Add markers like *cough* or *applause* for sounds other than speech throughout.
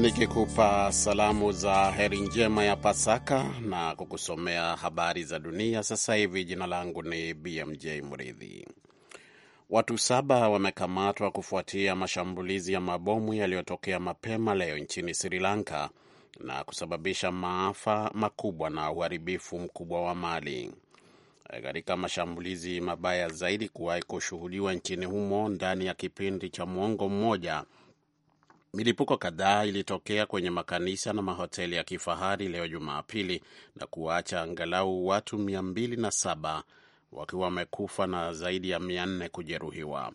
nikikupa salamu za heri njema ya Pasaka na kukusomea habari za dunia sasa hivi. Jina langu ni BMJ Mridhi. Watu saba wamekamatwa kufuatia mashambulizi ya mabomu yaliyotokea mapema leo nchini Sri Lanka na kusababisha maafa makubwa na uharibifu mkubwa wa mali katika mashambulizi mabaya zaidi kuwahi kushuhudiwa nchini humo ndani ya kipindi cha mwongo mmoja Milipuko kadhaa ilitokea kwenye makanisa na mahoteli ya kifahari leo Jumapili na kuwaacha angalau watu 207 wakiwa wamekufa na zaidi ya 400 kujeruhiwa.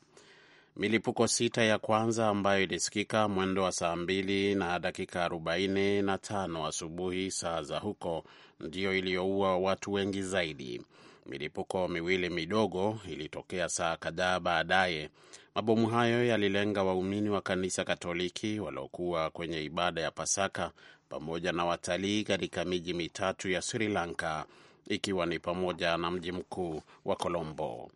Milipuko sita ya kwanza ambayo ilisikika mwendo wa saa b na dakika 45 asubuhi saa za huko ndiyo iliyoua watu wengi zaidi. Milipuko miwili midogo ilitokea saa kadhaa baadaye Mabomu hayo yalilenga waumini wa kanisa Katoliki waliokuwa kwenye ibada ya Pasaka pamoja na watalii katika miji mitatu ya Sri Lanka ikiwa ni pamoja na mji mkuu wa Colombo.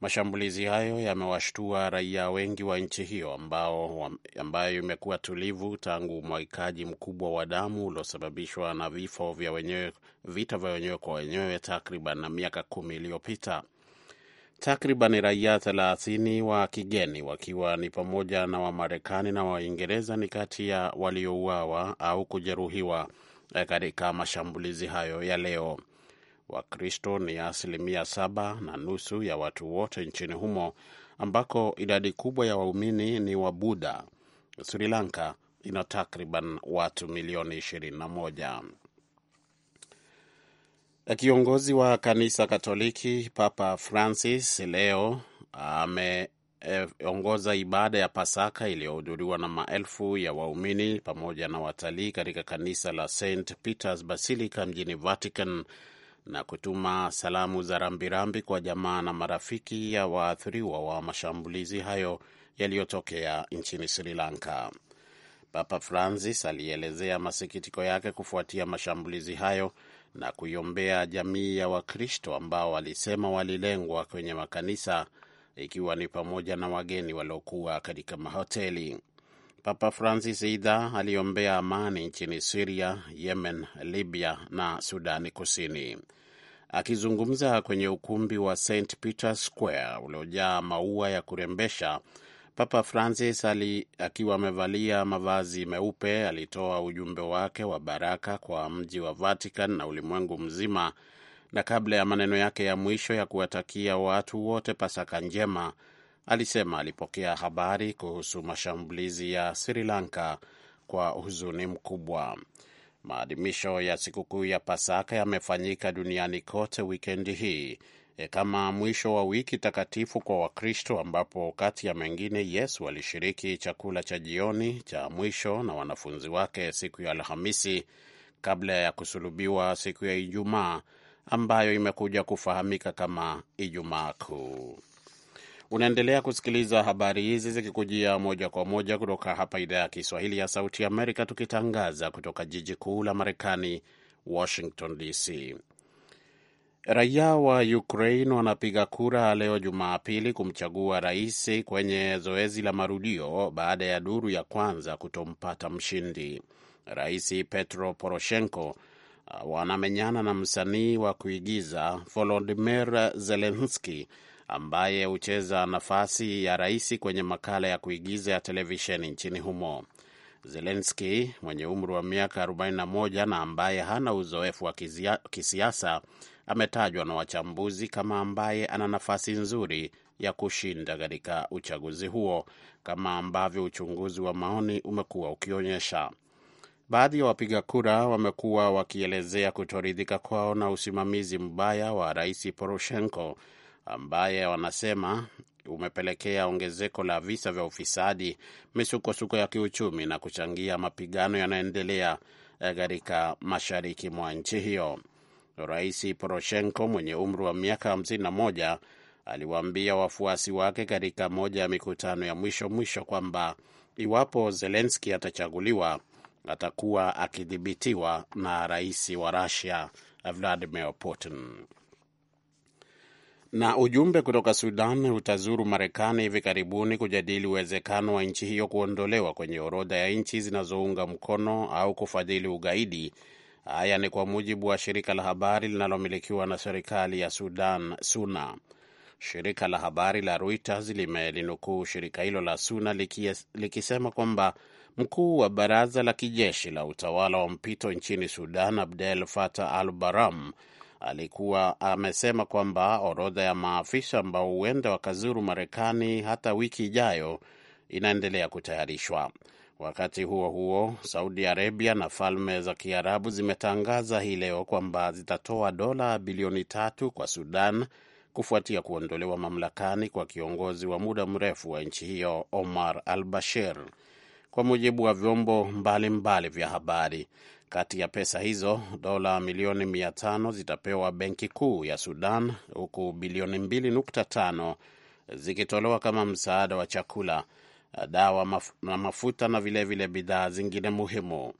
Mashambulizi hayo yamewashtua raia wengi wa nchi hiyo ambao, ambayo imekuwa tulivu tangu umwagikaji mkubwa wa damu uliosababishwa na vifo vya wenyewe, vita vya wenyewe kwa wenyewe takriban na miaka kumi iliyopita. Takriban raia thelathini wa kigeni wakiwa ni pamoja na Wamarekani na Waingereza ni kati ya waliouawa au kujeruhiwa eh, katika mashambulizi hayo ya leo. Wakristo ni asilimia saba na nusu ya watu wote nchini humo ambako idadi kubwa ya waumini ni Wabuddha. Sri Lanka ina takriban watu milioni moja. Kiongozi wa kanisa Katoliki Papa Francis leo ameongoza ibada ya Pasaka iliyohudhuriwa na maelfu ya waumini pamoja na watalii katika kanisa la St Peter's Basilica mjini Vatican na kutuma salamu za rambirambi kwa jamaa na marafiki ya waathiriwa wa mashambulizi hayo yaliyotokea nchini Sri Lanka. Papa Francis alielezea masikitiko yake kufuatia mashambulizi hayo na kuiombea jamii ya Wakristo ambao walisema walilengwa kwenye makanisa, ikiwa ni pamoja na wageni waliokuwa katika mahoteli. Papa Francis aidha aliombea amani nchini Siria, Yemen, Libya na Sudani Kusini. Akizungumza kwenye ukumbi wa St Peter Square uliojaa maua ya kurembesha Papa Francis ali, akiwa amevalia mavazi meupe alitoa ujumbe wake wa baraka kwa mji wa Vatican na ulimwengu mzima, na kabla ya maneno yake ya mwisho ya kuwatakia watu wote Pasaka njema alisema alipokea habari kuhusu mashambulizi ya Sri Lanka kwa huzuni mkubwa. Maadhimisho ya sikukuu ya Pasaka yamefanyika duniani kote wikendi hii e, kama mwisho wa wiki takatifu kwa Wakristo, ambapo kati ya mengine Yesu alishiriki chakula cha jioni cha mwisho na wanafunzi wake siku ya Alhamisi kabla ya kusulubiwa siku ya Ijumaa ambayo imekuja kufahamika kama Ijumaa Kuu. Unaendelea kusikiliza habari hizi zikikujia moja kwa moja kutoka hapa idhaa ya Kiswahili ya Sauti ya Amerika, tukitangaza kutoka jiji kuu la Marekani, Washington DC. Raia wa Ukraine wanapiga kura leo Jumapili kumchagua rais kwenye zoezi la marudio baada ya duru ya kwanza kutompata mshindi. Rais Petro Poroshenko ah, wanamenyana na msanii wa kuigiza volodimir zelenski ambaye hucheza nafasi ya rais kwenye makala ya kuigiza ya televisheni nchini humo. zelenski mwenye umri wa miaka 41 na ambaye hana uzoefu wa kisiasa ametajwa na wachambuzi kama ambaye ana nafasi nzuri ya kushinda katika uchaguzi huo kama ambavyo uchunguzi wa maoni umekuwa ukionyesha. Baadhi ya wapiga kura wamekuwa wakielezea kutoridhika kwao na usimamizi mbaya wa Rais Poroshenko ambaye wanasema umepelekea ongezeko la visa vya ufisadi, misukosuko ya kiuchumi na kuchangia mapigano yanayoendelea eh, katika mashariki mwa nchi hiyo. Rais Poroshenko mwenye umri wa miaka 51 aliwaambia wafuasi wake katika moja ya mikutano ya mwisho mwisho kwamba iwapo Zelenski atachaguliwa atakuwa akidhibitiwa na rais wa Rusia Vladimir Putin. Na ujumbe kutoka Sudan utazuru Marekani hivi karibuni kujadili uwezekano wa nchi hiyo kuondolewa kwenye orodha ya nchi zinazounga mkono au kufadhili ugaidi Haya ni kwa mujibu wa shirika la habari linalomilikiwa na serikali ya Sudan, SUNA. Shirika la habari la Reuters limelinukuu shirika hilo la SUNA likisema kwamba mkuu wa baraza la kijeshi la utawala wa mpito nchini Sudan, Abdel fata al Baram, alikuwa amesema kwamba orodha ya maafisa ambao huenda wakazuru Marekani hata wiki ijayo inaendelea kutayarishwa. Wakati huo huo, Saudi Arabia na Falme za Kiarabu zimetangaza hii leo kwamba zitatoa dola bilioni tatu kwa Sudan kufuatia kuondolewa mamlakani kwa kiongozi wa muda mrefu wa nchi hiyo Omar al Bashir, kwa mujibu wa vyombo mbalimbali mbali vya habari. Kati ya pesa hizo dola milioni tano zitapewa benki kuu ya Sudan, huku bilioni 2.5 zikitolewa kama msaada wa chakula Eh, dawa maf na mafuta na vilevile bidhaa zingine muhimu.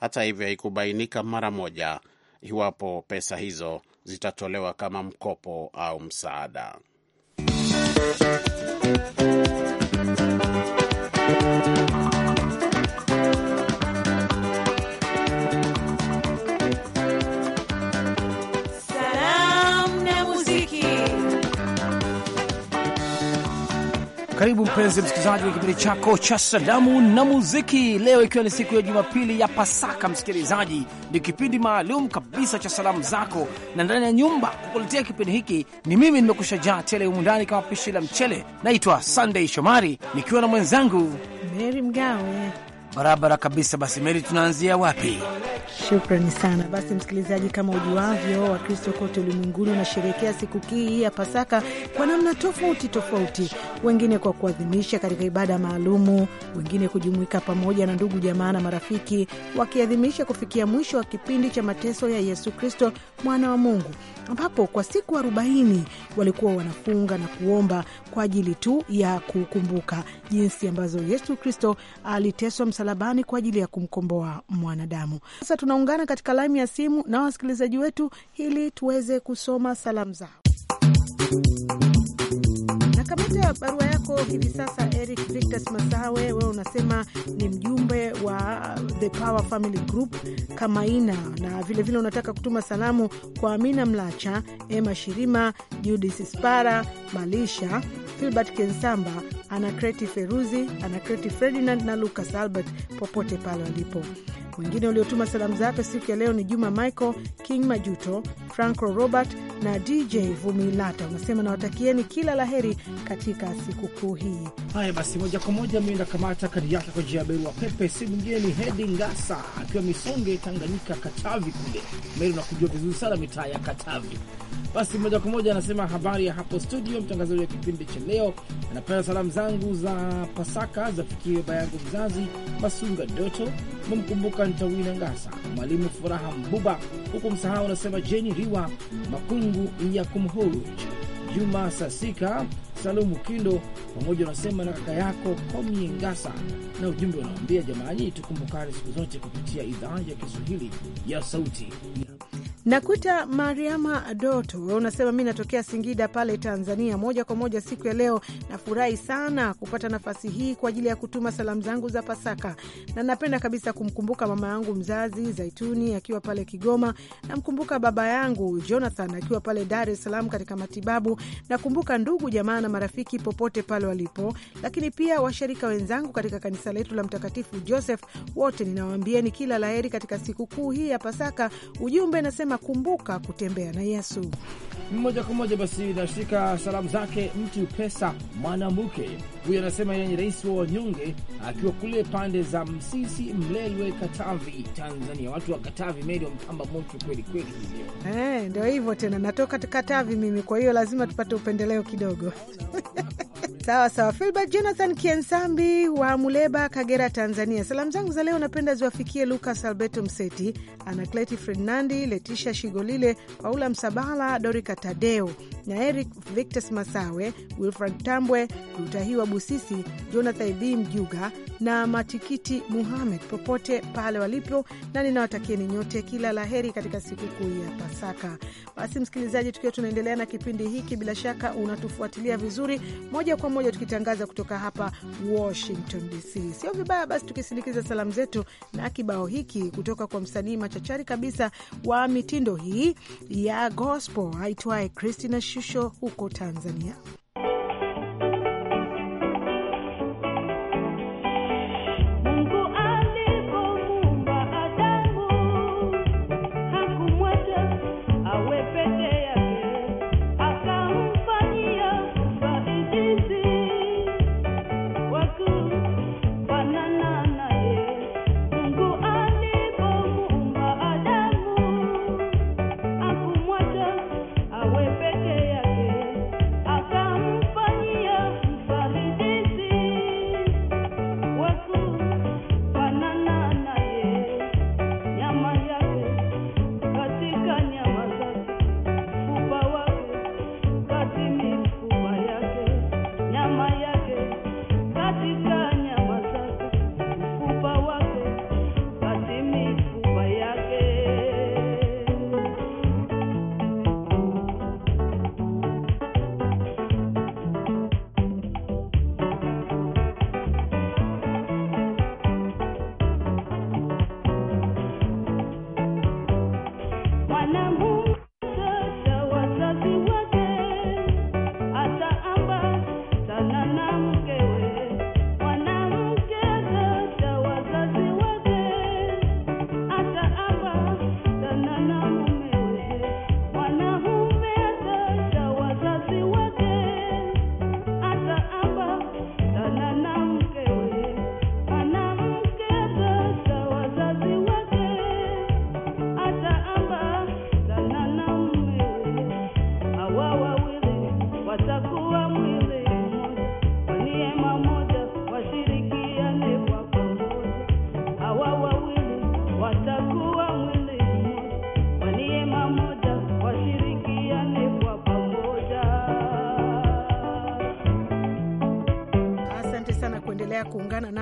Hata hivyo, haikubainika mara moja iwapo pesa hizo zitatolewa kama mkopo au msaada. Karibu mpenzi msikilizaji wa kipindi chako cha salamu na muziki, leo ikiwa ni siku ya Jumapili ya Pasaka. Msikilizaji, ni kipindi maalum kabisa cha salamu zako na ndani ya nyumba. Kukuletea kipindi hiki ni mimi, nimekusha jaa tele humu ndani kama pishi la mchele. Naitwa sandey Shomari nikiwa na mwenzangu Meri Mgawe, barabara kabisa. Basi Meri, tunaanzia wapi? Shukrani sana. Basi msikilizaji, kama ujuavyo, Wakristo kote ulimwenguni wanasherehekea sikukuu hii ya Pasaka kwa namna tofauti tofauti, wengine kwa kuadhimisha katika ibada maalumu, wengine kujumuika pamoja na ndugu jamaa na marafiki, wakiadhimisha kufikia mwisho wa kipindi cha mateso ya Yesu Kristo mwana wa Mungu, ambapo kwa siku arobaini walikuwa wanafunga na kuomba kwa ajili tu ya kukumbuka jinsi ambazo Yesu Kristo aliteswa msalabani kwa ajili ya kumkomboa mwanadamu sasa tunaungana katika laini ya simu na wasikilizaji wetu ili tuweze kusoma salamu zao. Nakamata barua yako hivi sasa, Eric Victus Masawe. Wewe unasema ni mjumbe wa The Power Family Group Kamaina, na vilevile vile unataka kutuma salamu kwa Amina Mlacha, Emma Shirima, Judith Spara, Malisha Filbert Kensamba, Anakreti Feruzi, Anakreti Ferdinand na Lucas Albert, popote pale walipo. Wengine waliotuma salamu zake siku ya leo ni Juma Michael King, Majuto Franco, Robert na DJ Vumilata. Unasema nawatakieni kila la heri katika sikukuu hii. Haya basi, moja kwa moja mi nakamata kadi yake kwa njia ya barua pepe, si mwingine ni Hedi Ngasa akiwa Misonge, Tanganyika, Katavi kule. Mimi nakujua vizuri sana mitaa ya Katavi. Basi moja kwa moja anasema habari ya hapo studio, mtangazaji wa kipindi cha leo. Anapenda salamu zangu za Pasaka zafikie baba yangu mzazi Masunga Doto kumkumbuka ntawina Ngasa, Mwalimu Furaha Mbuba, huku msahau anasema Jeni Riwa, Makungu ya Kumhuru, Juma Sasika, Salumu Kindo pamoja unasema na kaka yako Komye Ngasa, na ujumbe unaambia jamani, tukumbukane siku zote kupitia idhaa ya Kiswahili ya Sauti Nakuta Mariama Doto, unasema mi natokea Singida pale Tanzania, moja kwa moja siku ya leo. Nafurahi sana kupata nafasi hii kwa ajili ya kutuma salamu zangu za Pasaka, na napenda kabisa kumkumbuka mama yangu mzazi Zaituni akiwa pale Kigoma. Namkumbuka baba yangu Jonathan akiwa pale Dar es Salaam katika matibabu. Nakumbuka ndugu jamaa na marafiki popote pale walipo, lakini pia washirika wenzangu katika kanisa letu la Mtakatifu Joseph. Wote ninawaambieni kila laheri katika sikukuu hii ya Pasaka. Ujumbe nasema anasema kumbuka kutembea na Yesu. Moja kwa moja basi nashika salamu zake mtu pesa mwanamke huyo, anasema yeye ni rais wa wanyonge, akiwa kule pande za Msisi, Mlelwe, Katavi, Tanzania. Watu wa Katavi meli wampamba moto kweli kweli, eh, ndio hivyo tena. Natoka Katavi mimi, kwa hiyo lazima tupate upendeleo kidogo *laughs* Sawa sawa, Filbert Jonathan Kiensambi wa Muleba, Kagera, Tanzania. Salamu zangu za leo napenda ziwafikie Lucas Alberto Mseti, Anakleti Fernandi, Letisha Shigolile, Paula Msabala, Dorika Tadeo, na Eric Victus Masawe, Wilfred Tambwe, Lutahiwa Busisi, Jonathan B Mjuga na Matikiti Muhamed popote pale walipo, na ninawatakieni nyote kila la heri katika sikukuu ya Pasaka. Basi msikilizaji, tukiwa tunaendelea na kipindi hiki, bila shaka unatufuatilia vizuri moja kwa moja tukitangaza kutoka hapa Washington DC. Sio vibaya basi tukisindikiza salamu zetu na kibao hiki kutoka kwa msanii machachari kabisa wa mitindo hii ya gospel aitwaye Christina Shu Shusho huko Tanzania.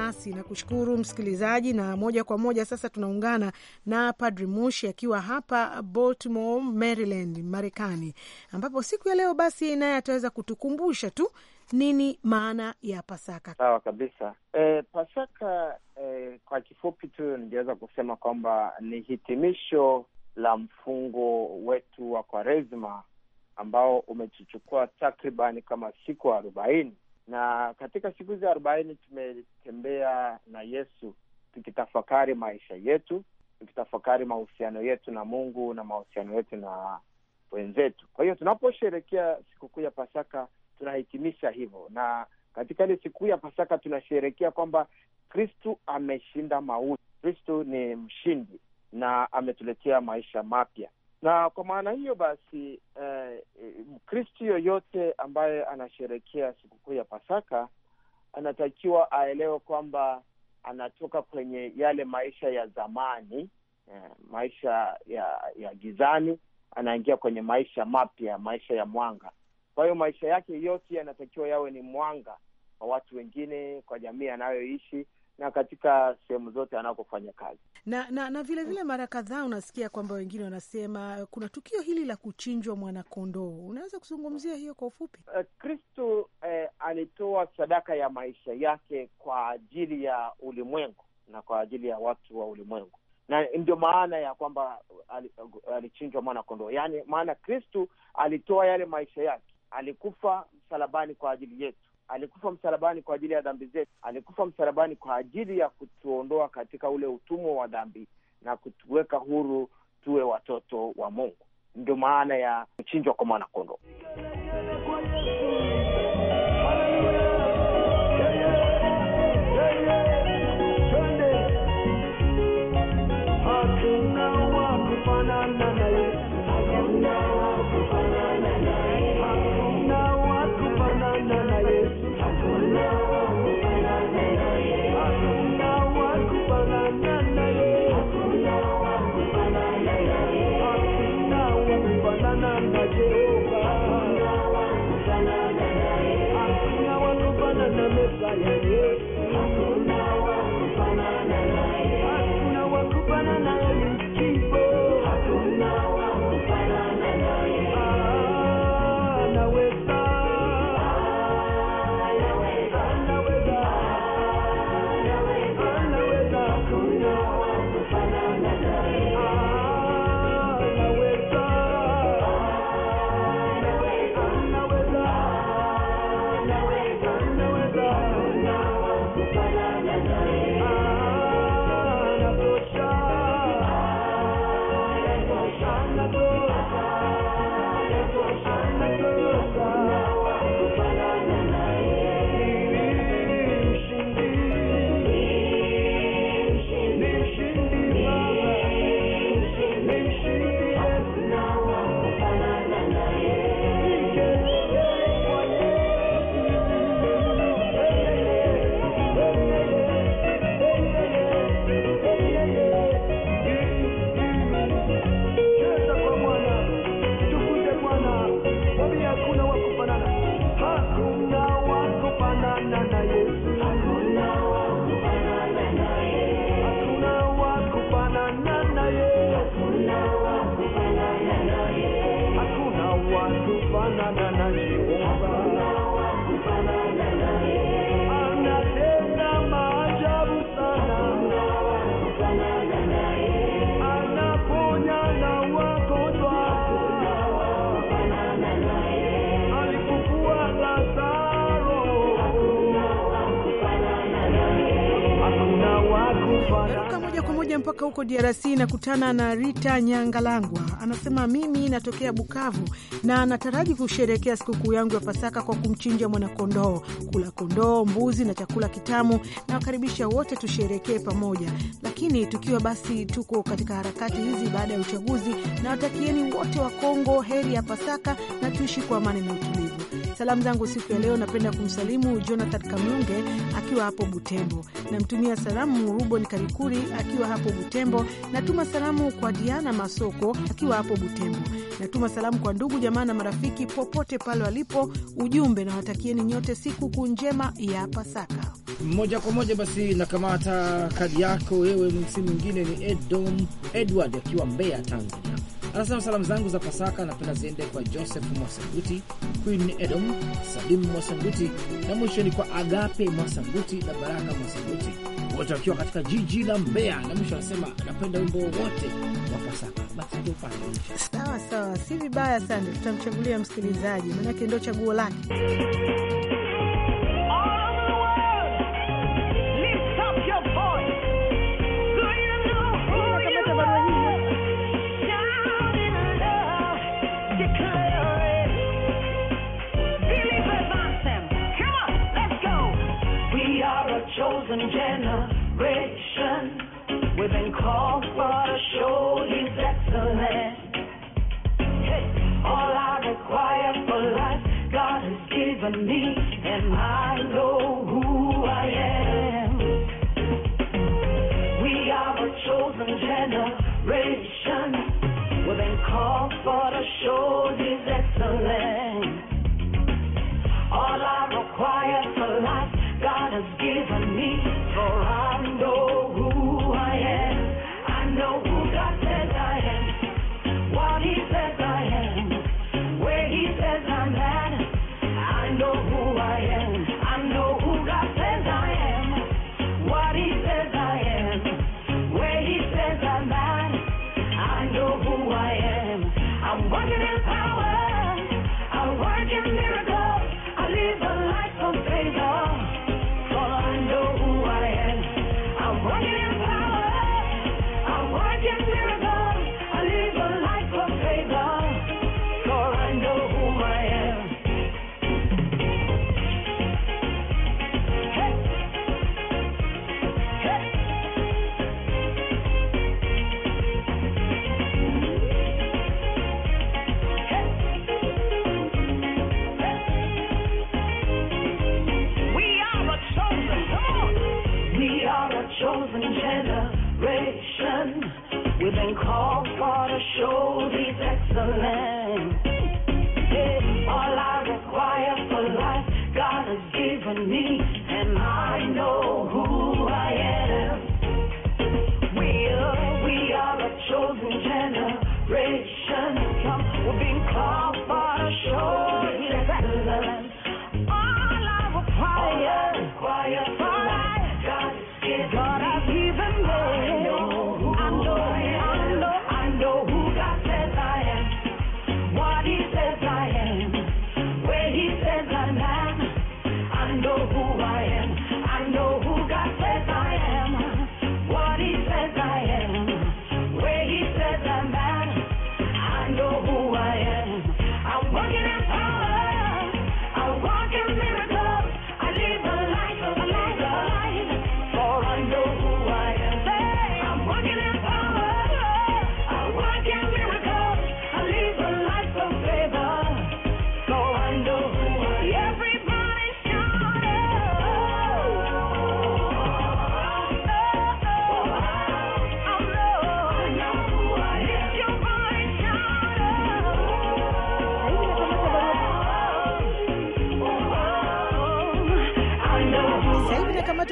nasi na kushukuru msikilizaji, na moja kwa moja sasa tunaungana na Padri Mushi akiwa hapa Baltimore, Maryland, Marekani, ambapo siku ya leo basi naye ataweza kutukumbusha tu nini maana ya Pasaka. Sawa kabisa. E, Pasaka e, kwa kifupi tu ningeweza kusema kwamba ni hitimisho la mfungo wetu wa Kwaresma ambao umetuchukua takribani kama siku arobaini na katika siku hizi arobaini tumetembea na Yesu tukitafakari maisha yetu, tukitafakari mahusiano yetu na Mungu na mahusiano yetu na wenzetu. Kwa hiyo tunaposherekea sikukuu ya Pasaka tunahitimisha hivyo, na katika ile sikukuu ya Pasaka tunasherekea kwamba Kristu ameshinda mauti. Kristu ni mshindi na ametuletea maisha mapya na kwa maana hiyo basi, eh, yoyote ambaye anasherekea sikukuu ya Pasaka anatakiwa aelewe kwamba anatoka kwenye yale maisha ya zamani eh, maisha ya ya gizani, anaingia kwenye maisha mapya, maisha ya mwanga. Kwa hiyo maisha yake yote yanatakiwa yawe ni mwanga kwa watu wengine, kwa jamii anayoishi, na katika sehemu zote anakofanya kazi na na na vile vile, mara kadhaa unasikia kwamba wengine wanasema eh, kuna tukio hili la kuchinjwa mwanakondoo. Unaweza kuzungumzia hiyo kwa ufupi? Uh, eh, Kristu eh, alitoa sadaka ya maisha yake kwa ajili ya ulimwengu na kwa ajili ya watu wa ulimwengu, na ndio maana ya kwamba alichinjwa mwanakondoo, yaani maana kristu alitoa yale maisha yake, alikufa msalabani kwa ajili yetu alikufa msalabani kwa ajili ya dhambi zetu, alikufa msalabani kwa ajili ya kutuondoa katika ule utumwa wa dhambi na kutuweka huru tuwe watoto wa Mungu. Ndio maana ya kuchinjwa kwa mwanakondoo. huko DRC nakutana na Rita Nyangalangwa. Anasema mimi natokea Bukavu na anataraji kusherekea sikukuu yangu ya Pasaka kwa kumchinja mwanakondoo, kula kondoo, mbuzi na chakula kitamu. Nawakaribisha wote tusherekee pamoja, lakini tukiwa basi tuko katika harakati hizi baada ya uchaguzi, na watakieni wote wa Kongo heri ya Pasaka na tuishi kwa amani na utulivu. Salamu zangu siku ya leo napenda kumsalimu Jonathan Kamyunge akiwa hapo Butembo, namtumia salamu Ruben Karikuri akiwa hapo Butembo, natuma salamu kwa Diana Masoko akiwa hapo Butembo, natuma salamu kwa ndugu jamaa na marafiki popote pale walipo. Ujumbe nawatakieni nyote siku ku njema ya Pasaka. Moja kwa moja basi nakamata kadi yako wewe, si mwingine ni Edom Edward akiwa Mbeya, Tanzania Anasema salamu zangu za Pasaka napenda ziende kwa Joseph Mwasanguti, Queen Edom, Salimu Mwasanguti na mwisho ni kwa Agape Mwasanguti na Baraka Mwasanguti, wote wakiwa katika jiji la Mbeya. Na mwisho anasema anapenda wimbo wowote wa Pasaka. Basi tupate sawa sawa, si vibaya sana, tutamchagulia msikilizaji, manake ndo chaguo lake. generation. We've been called for to show His excellence. Hey, all I require for life, God has given me, and I know who I am. We are a chosen generation. We've been called for to show chosen generation. We've been called for to show these excellence.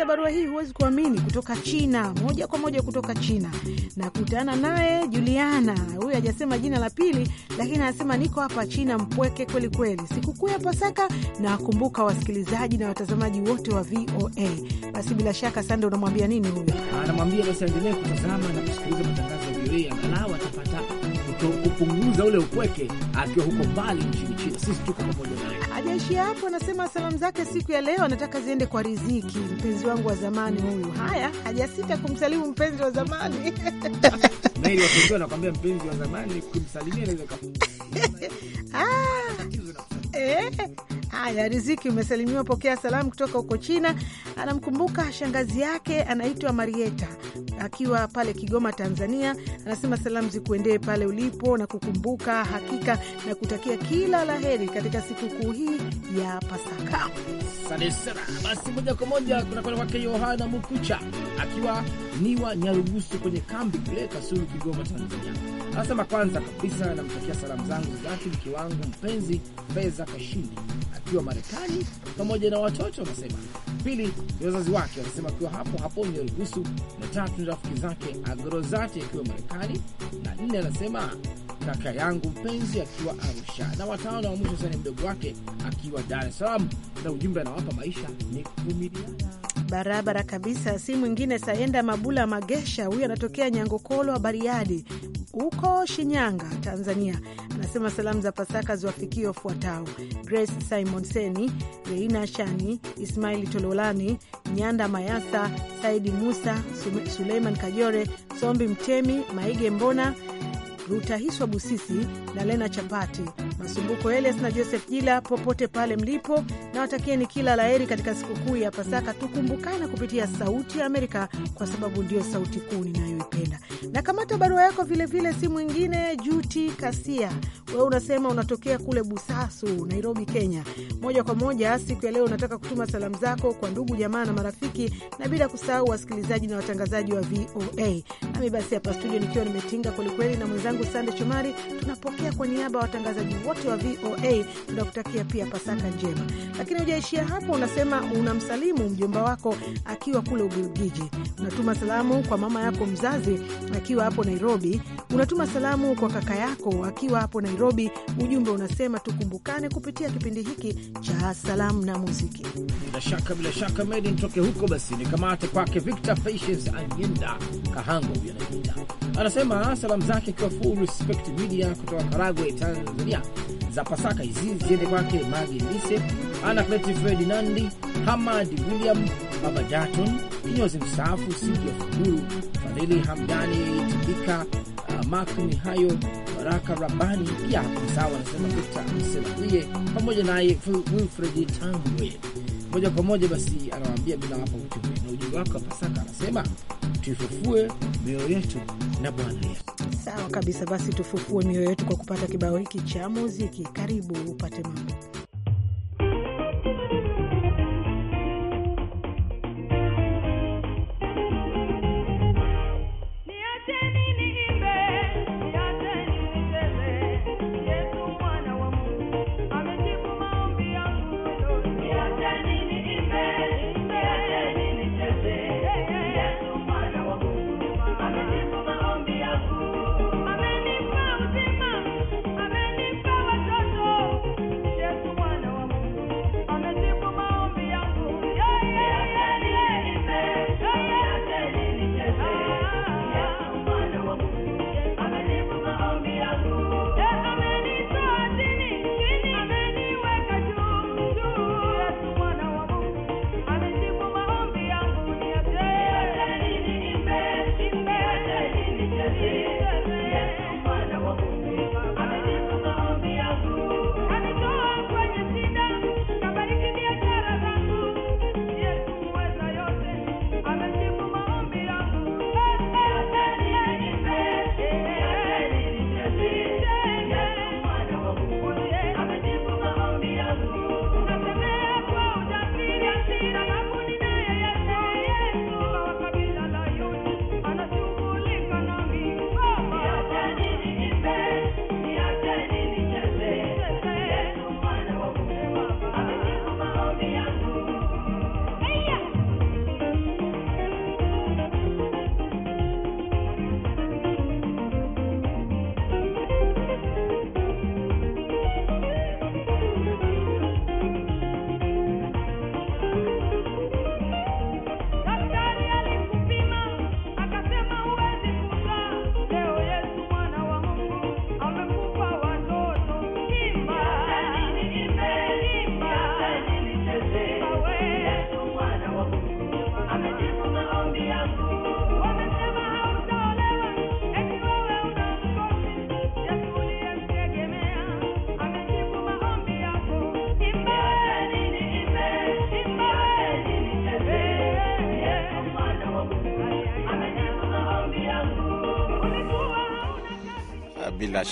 barua hii, huwezi kuamini, kutoka China, moja kwa moja kutoka China. Nakutana naye Juliana, huyu hajasema jina la pili, lakini anasema niko hapa China, mpweke kweli kweli, sikukuu ya Pasaka na wakumbuka wasikilizaji na watazamaji wote wa VOA. Basi bila shaka, Sande, unamwambia nini huyu? Anamwambia basi aendelee kutazama na kusikiliza matangazo ya VOA kupunguza ule upweke akiwa huko mbali nchini China. Sisi tuko pamoja naye. Hajaishia hapo, anasema salamu zake siku ya leo anataka ziende kwa Riziki, mpenzi wangu wa zamani huyu. Haya, hajasita kumsalimu mpenzi wa zamani Meli ili wapenzi mpenzi wa zamani kumsalimia inaweza *laughs* ah, eh, Haya, Riziki umesalimiwa, pokea salamu kutoka huko China. Anamkumbuka shangazi yake anaitwa Marieta akiwa pale Kigoma, Tanzania, anasema salamu zikuendee pale ulipo na kukumbuka hakika na kutakia kila laheri katika sikukuu hii ya Pasaka. Asante sana. Basi moja kwa moja tunakwenda kwake Yohana Mukucha akiwa niwa Nyarugusu kwenye kambi kule Kasulu, Kigoma, Tanzania. Anasema kwanza kabisa namtakia salamu zangu zake mke wangu mpenzi beza Kashindi akiwa Marekani pamoja na watoto, anasema pili ni wazazi wake, anasema akiwa hapo hapo ni Elgusu, na tatu ni rafiki zake Agrozati akiwa Marekani, na nne anasema kaka yangu mpenzi akiwa Arusha, na watano na mwisho sani mdogo wake akiwa Dar es Salaam, na ujumbe anawapa maisha ni kuvumiliana. Barabara kabisa, si mwingine Saenda Mabula Magesha, huyo anatokea Nyangokolo wa Bariadi huko Shinyanga, Tanzania anasema salamu za Pasaka ziwafikie wafuatao: Grace Simon Seni, Reina Shani, Ismaili Tololani, Nyanda Mayasa, Saidi Musa, Suleiman Kajore, Sombi Mtemi, Maige Mbona, Rutahiswa Busisi na Lena Chapati, Masumbuko Elias na Joseph Jila, popote pale mlipo, na watakieni kila laheri katika sikukuu ya Pasaka. Tukumbukana kupitia Sauti ya Amerika kwa sababu ndiyo sauti kuu ninayoipenda. Na kamata barua yako vilevile, si mwingine Juti Kasia, wewe unasema unatokea kule Busasu, Nairobi, Kenya. Moja kwa moja siku ya leo unataka kutuma salamu zako kwa ndugu, jamaa na marafiki, na bila kusahau wasikilizaji na watangazaji wa VOA. Nami basi hapa studio nikiwa nimetinga kwelikweli na mwenzangu Sande shomari tunapokea kwa niaba ya watangazaji wote wa VOA, tunakutakia pia Pasaka njema. Lakini hujaishia hapo, unasema unamsalimu mjomba wako akiwa kule Ubelgiji, unatuma salamu kwa mama yako mzazi akiwa hapo Nairobi, unatuma salamu kwa kaka yako akiwa hapo Nairobi. Ujumbe unasema tukumbukane kupitia kipindi hiki cha salamu na muziki. Bila shaka, bila shaka, medi nitoke huko basi nikamate kwake Victor Patience Anyenda Kahango anajiita. Anasema salamu zake kwa Full Respect Media kutoka Karagwe, Tanzania, za Pasaka hizi ziende kwake Magi Lise, Anakleti Ferdinandi, Hamad William, Baba Jaton, kinyozi mstaafu, Sidi ya Fuguru, Fadhili Hamdani Tibika, uh, Makumi hayo Baraka Rabani pia hakumsahau, anasema Victor Mselaie pamoja naye Wilfredi Tangwe moja kwa moja. Basi anawaambia bila hapa ujumbe na ujumbe wako wa Pasaka anasema tufufue mioyo yetu na Bwana Yesu. Sawa kabisa, basi tufufue mioyo yetu kwa kupata kibao hiki cha muziki. Karibu upate mambo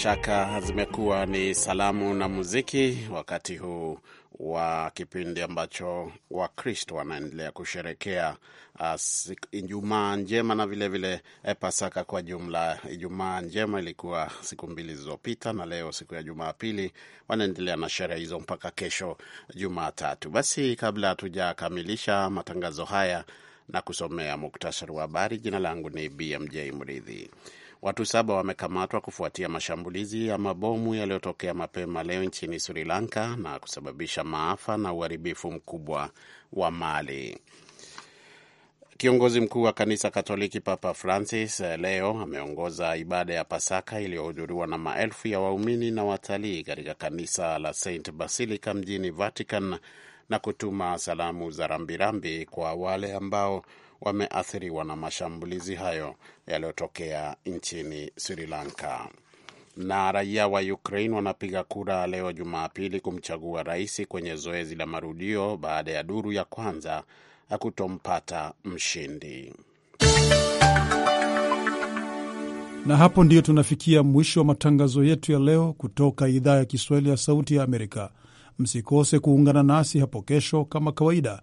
shaka zimekuwa ni salamu na muziki wakati huu wa kipindi ambacho Wakristo wanaendelea kusherekea uh, Ijumaa njema na vilevile vile eh, Pasaka kwa jumla. Ijumaa njema ilikuwa siku mbili zilizopita, na leo siku ya Jumapili wanaendelea na sherehe hizo mpaka kesho Jumatatu. Basi kabla hatujakamilisha matangazo haya na kusomea muktasari wa habari, jina langu ni BMJ Mridhi. Watu saba wamekamatwa kufuatia mashambulizi ya mabomu yaliyotokea mapema leo nchini Sri Lanka na kusababisha maafa na uharibifu mkubwa wa mali. Kiongozi mkuu wa kanisa Katoliki Papa Francis eh, leo ameongoza ibada ya Pasaka iliyohudhuriwa na maelfu ya waumini na watalii katika kanisa la St Basilica mjini Vatican na kutuma salamu za rambirambi kwa wale ambao wameathiriwa na mashambulizi hayo yaliyotokea nchini Sri Lanka. Na raia wa Ukraine wanapiga kura leo Jumapili kumchagua rais kwenye zoezi la marudio baada ya duru ya kwanza ya kutompata mshindi. Na hapo ndiyo tunafikia mwisho wa matangazo yetu ya leo kutoka idhaa ya Kiswahili ya Sauti ya Amerika. Msikose kuungana nasi hapo kesho kama kawaida